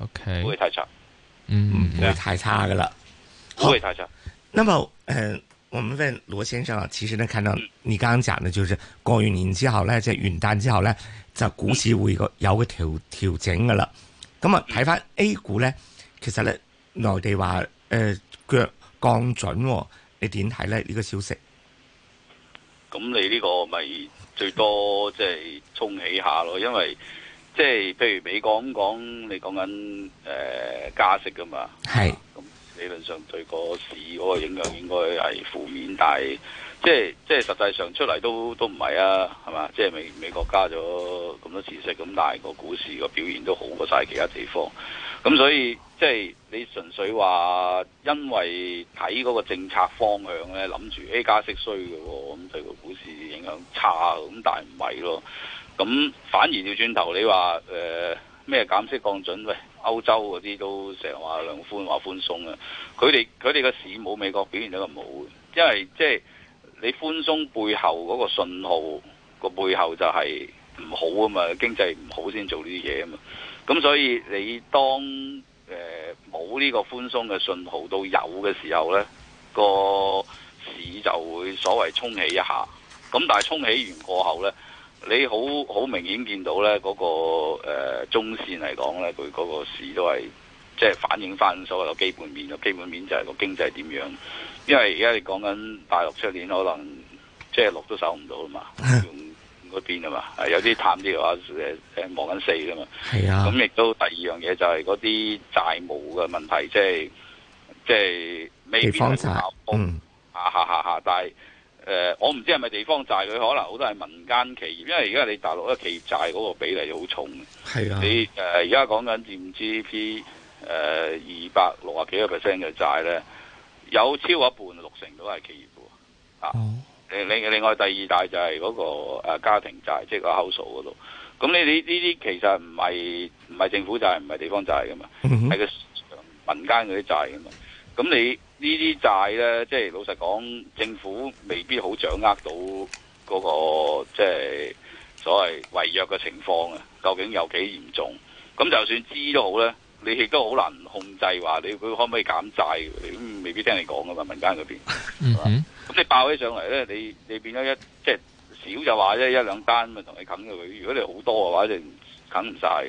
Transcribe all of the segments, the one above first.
OK，唔會太差，嗯，不會太差噶啦、啊。唔會太差。那麼，誒、呃，我們問羅先生啊，其實咧，看到你剛才咧，就是過完年之後咧，即、就、係、是、元旦之後咧，就股市會有個調、嗯、調整噶啦。咁啊，睇返 A 股咧，其實咧，內地話誒、呃，腳降準、哦，你點睇咧？呢、這個消息？咁你呢個咪最多即係衝起下咯，因為。即係譬如美國咁講，你講緊誒加息噶嘛？係咁理論上對個市嗰個影響應該係負面，但係即係即係實際上出嚟都都唔係啊，係嘛？即係美美國加咗咁多次息，咁但係個股市個表現都好過晒其他地方，咁所以即係你純粹話因為睇嗰個政策方向咧，諗住 A 加息衰嘅，咁對個股市影響差，咁但係唔係咯。咁反而要轉頭，你、呃、話誒咩減息降準喂？歐洲嗰啲都成日話量寬話寬鬆啊！佢哋佢哋個市冇美國表現得咁好，因為即係你寬鬆背後嗰個信號個背後就係唔好啊嘛，經濟唔好先做呢啲嘢啊嘛。咁所以你當誒冇呢個寬鬆嘅信號到有嘅時候呢、呢個市就會所謂衝起一下。咁但係衝起完過後呢。你好好明顯見到咧，嗰、那個、呃、中線嚟講咧，佢、那、嗰個市都係即係反映翻所謂嘅基本面。個基本面就係個經濟點樣。因為而家你講緊大陸出年，可能即係六都守唔到啦嘛， 用嗰邊啊嘛，有啲淡啲嘅話誒誒望緊四啊嘛，啊。咁亦都第二樣嘢就係嗰啲債務嘅問題，即係即係未 a y b e 康但誒、呃，我唔知係咪地方債，佢可能好多係民間企業，因為而家你大陸嘅企業債嗰個比例好重嘅、呃呃，啊，你誒而家講緊 GDP 誒二百六十幾個 percent 嘅債咧，有超過一半六成都係企業嘅啊，另另外第二大就係嗰個家庭債，即、就、係、是、個口數嗰度。咁你哋呢啲其實唔係唔係政府債，唔係地方債嘅嘛，係、嗯、個民間嗰啲債嘅嘛。咁你呢啲債咧，即係老實講，政府未必好掌握到嗰個即係所謂違約嘅情況啊。究竟有幾嚴重？咁就算知都好咧，你亦都好難控制話你佢可唔可以減債，未必聽你講噶嘛，民間嗰邊，係嘛。咁、嗯、你爆起上嚟咧，你你變咗一即係少就話一兩單咪同你冚咗佢。如果你好多嘅話，就冚唔晒。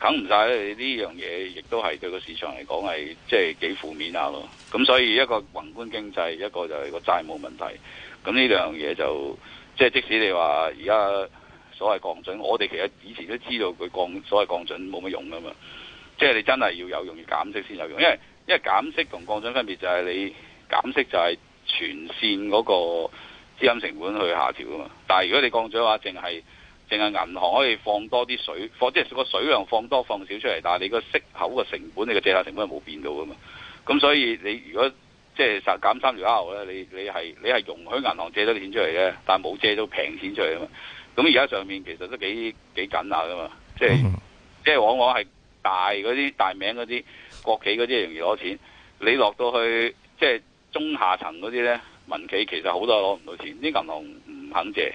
啃唔晒咧，呢樣嘢亦都係對個市場嚟講係即係幾負面啊！咯，咁所以一個宏觀經濟，一個就係個債務問題。咁呢兩樣嘢就即係即使你話而家所謂降準，我哋其實以前都知道佢降所謂降準冇乜用噶嘛。即係你真係要有用，要減息先有用。因為因為減息同降準分別就係你減息就係全線嗰個資金成本去下調啊嘛。但係如果你降準嘅話，淨係。淨係銀行可以放多啲水，放即係個水量放多放少出嚟，但係你個息口嘅成本，你個借貸成本係冇變到噶嘛。咁所以你如果即係實減三條 L 咧，你你係你係容許銀行借多啲錢出嚟嘅，但係冇借到平錢出嚟啊嘛。咁而家上面其實都幾幾緊下噶嘛，即係即係往往係大嗰啲大名嗰啲國企嗰啲容易攞錢，你落到去即係、即係、中下層嗰啲咧，民企其實好多攞唔到錢，啲銀行唔肯借。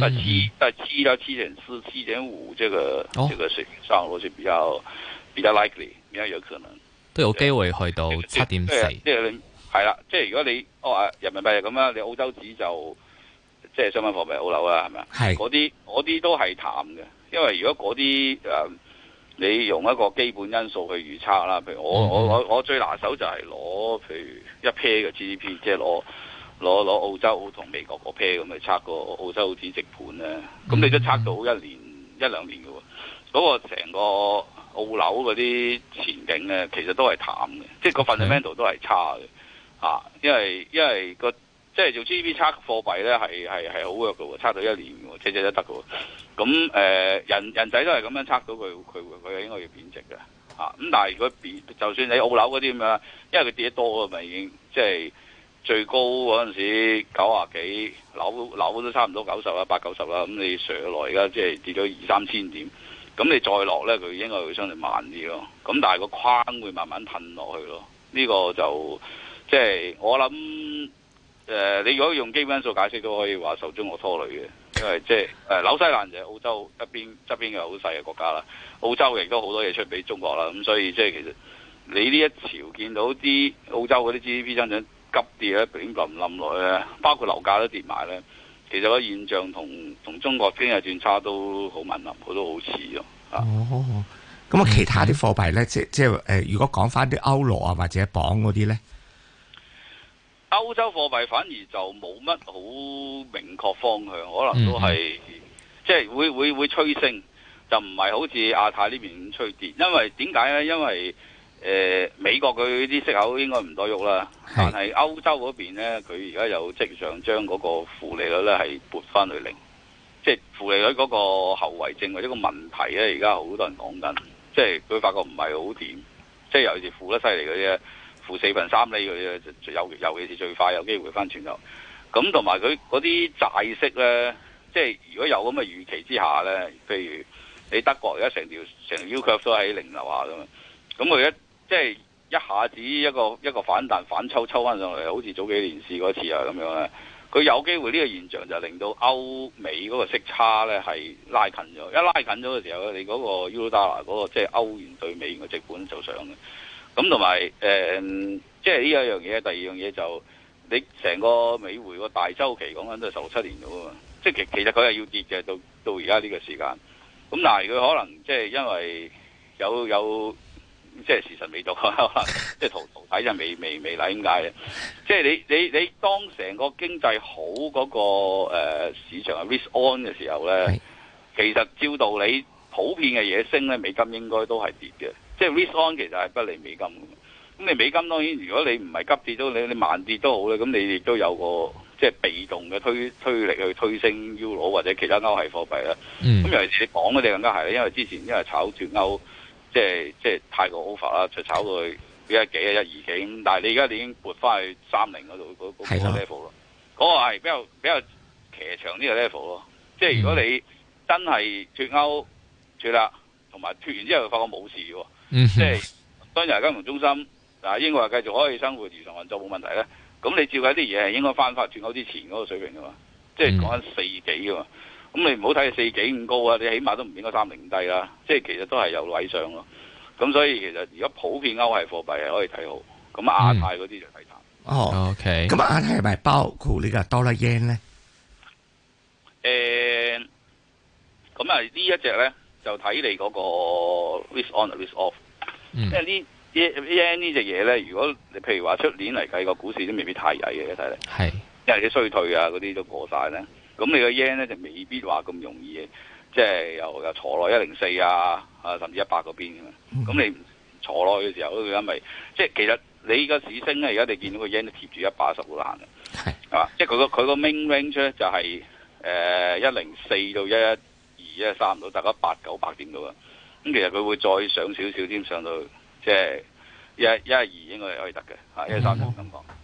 在七在七到七點四、七點五這個這個水平上，我比較比較 likely，比較有可能都有機會去到七點四。即係你係啦，即係如果你哦、喔、啊，人民幣咁啦，你澳洲紙就即係商品貨幣好流啦，係咪？係嗰啲嗰啲都係淡嘅，因為如果嗰啲誒，你用一個基本因素去預測啦，譬如我、okay. 我我我最拿手就係攞譬如一 pair 嘅 GDP，即係攞。攞攞澳洲同美國個 pair 咁嚟測個澳洲紙值盤咧，咁、mm -hmm. 你都測到一年一兩年㗎喎，嗰、嗰個成個澳樓嗰啲前景咧，其實都係淡嘅，mm -hmm. 即係個 fundamental 都係差嘅、啊、因為因為個即係做 g b 測貨幣呢，係係係好弱㗎喎，測到一年嘅喎，即即得㗎喎，咁、呃、人人仔都係咁樣測到佢佢應該要貶值嘅咁、啊、但係如果變，就算你澳樓嗰啲咁樣，因為佢跌得多嘅嘛，已經即係。最高嗰陣時九啊幾樓樓都差唔多九十啦，八九十啦。咁你上咗來，而家即係跌咗二三千點。咁你再落呢，佢應該會相對慢啲咯。咁但係個框會慢慢褪落去咯。呢、這個就即係、就是、我諗誒、呃，你如果用基本因素解釋，都可以話受中國拖累嘅，因為即係誒紐西蘭就係澳洲一邊側邊嘅好細嘅國家啦。澳洲亦都好多嘢出俾中國啦。咁所以即係其實你呢一朝見到啲澳洲嗰啲 GDP 增長。急跌咧，炳林冧落咧，包括樓價都跌埋咧。其實嗰現象同同中國經濟轉差都好吻合，好都好似咯。哦，咁、哦嗯、啊，其他啲貨幣咧，即即係誒，如果講翻啲歐羅啊或者鎊嗰啲咧，歐洲貨幣反而就冇乜好明確方向，可能都係、嗯、即係會會會催升，就唔係好似亞太呢邊咁催跌。因為點解咧？因為誒、呃、美國佢啲息口應該唔多喐啦，但係歐洲嗰邊呢，佢而家有即係想將嗰個負利率呢係撥返去零，即係負利率嗰個後遺症或者個問題呢，而家好多人講緊，即係佢發覺唔係好掂，即係尤其是負得犀利嗰啲啊，負四分三厘嗰啲啊，有尤其是最快有機會返全球。咁同埋佢嗰啲債息呢，即係如果有咁嘅預期之下呢，譬如你德國而家成條成條 U 曲都喺零流下噶嘛，即、就、係、是、一下子一個一個反彈反抽抽翻上嚟，好似早幾年試過一次啊咁樣咧。佢有機會呢個現象就令到歐美嗰個息差咧係拉近咗，一拉近咗嘅時候，你嗰個 Eurodollar 嗰個即係歐元對美元嘅直本就上嘅。咁同埋誒，即係呢有一樣嘢，第二樣嘢就你成個美匯個大周期講緊都係十六七年咗啊，即係其實佢係要跌嘅，到到而家呢個時間。咁但係佢可能即係因為有有。即係事實未到即係圖圖睇就未未未啦，點解啊？即係你你你當成個經濟好嗰、那個、呃、市場啊，risk on 嘅時候咧，其實照道理普遍嘅嘢升咧，美金應該都係跌嘅。即係 risk on 其實係不利美金嘅。咁你美金當然，如果你唔係急跌都你你慢跌都好咧，咁你亦都有個即係被動嘅推推力去推升歐元或者其他歐系貨幣啦。咁、嗯、尤其你講嘅嘢更加係咧，因為之前因為炒住歐。即係即係太過好 v 啦，就炒佢去一幾啊一二幾咁，但係你而家你已經撥翻去三零嗰度嗰嗰個 level 咯，嗰、那個係比較比較騎長啲嘅 level 咯。即係如果你真係脱歐脱啦，同埋脱完之後發覺冇事喎、嗯，即係當日金融中心嗱英國話繼續可以生活日常運作冇問題咧，咁你照睇啲嘢應該翻返脱歐之前嗰個水平噶嘛，即係講緊四幾噶嘛。咁、嗯、你唔好睇佢四幾咁高啊！你起碼都唔應該三零低啦，即係其實都係有位上咯。咁所以其實而家普遍歐系貨幣係可以睇好，咁亞太嗰啲就睇淡。嗯、哦，OK。咁亞太係咪包括呢個 dollar yen 呢？咁啊呢一隻咧就睇你嗰個 risk on risk off，即、嗯、為隻呢 yen 呢隻嘢咧，如果你譬如話出年嚟計個股市都未必太曳嘅，睇咧因為啲衰退啊嗰啲都過晒咧。咁你個 yen 咧就未必話咁容易，嘅，即係又又坐落一零四啊，啊甚至一百嗰邊啊。咁、嗯、你唔坐落去嘅時候，佢而家即係其實你個市升咧，而家你見到個 yen 都貼住一百十好難嘅，啊，即係佢個佢個 mean range 咧就係誒一零四到一一二一三到大家八九百點到啊。咁、嗯、其實佢會再上少少先上到即係一一二應該可以得嘅，嚇一三咁講。嗯。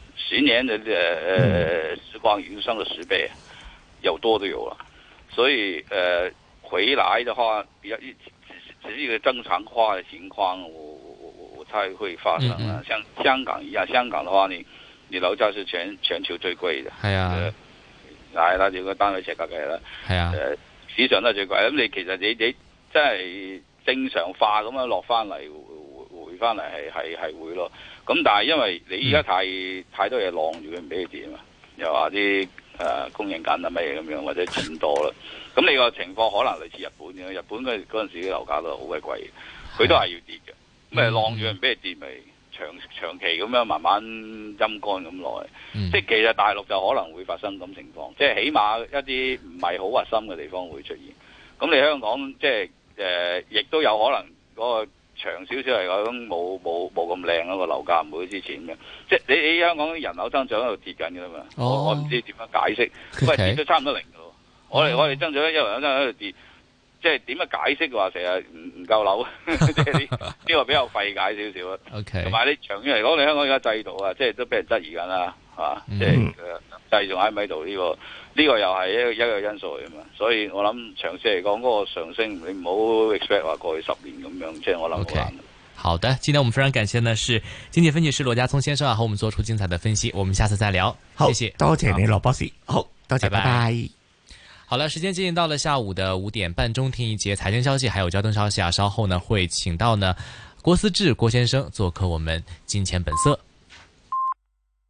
十年的呃時光已經升咗十倍，有多都有了，所以呃回來的話，比較只只是只是一個正常化嘅情況，我我我我才會發生了。像香港一樣，香港的話你你樓價是全全球最貴嘅，係啊，來那整個單位成交嘅啦，係啊，市場都最貴。咁你其實你你真係正常化咁樣落翻嚟，回回翻嚟係係係會咯。咁、嗯嗯、但係因為你而家太、嗯、太多嘢晾住佢唔俾你跌啊，又話啲誒供應緊啊咩咁樣，或者錢多啦。咁你個情況可能類似日本嘅，日本嗰嗰陣時啲樓價都好鬼貴，佢都係要跌嘅。咁誒晾住唔俾你跌咪長、嗯、長期咁樣慢慢陰乾咁耐。即係其實大陸就可能會發生咁情況，即係起碼一啲唔係好核心嘅地方會出現。咁你香港即係誒、呃，亦都有可能嗰、嗰個。長少少嚟講冇冇冇咁靚嗰個樓價，唔會之前嘅。即係你你香港人口增長喺度跌緊㗎嘛？我唔知點樣解釋，因、okay. 為跌咗差唔多零嘅喎、oh。我哋我哋增長咧，因為香港喺度跌，即係點樣解釋話成日唔唔夠樓？ 即係呢呢個比較費解少少啊。OK，同埋你長遠嚟講，你香港而家制度啊，即係都俾人質疑緊啦。係、啊、嘛，即係繼續喺咪度呢個呢、這個又係一一個因素嚟嘛，所以我諗長期嚟講嗰個上升，你唔好 expect 話過去十年咁樣，即、就、係、是、我諗好難。好的，今天我們非常感謝呢是經濟分析師羅家聰先生啊，和我們做出精彩的分析，我們下次再聊。好，謝謝多謝你，羅博士好。好，多謝，拜拜。好了，時間接近到了下午的五點半，鐘，聽一節財經消息，還有交通消息啊，稍後呢會請到呢郭思志郭先生做客我們金錢本色。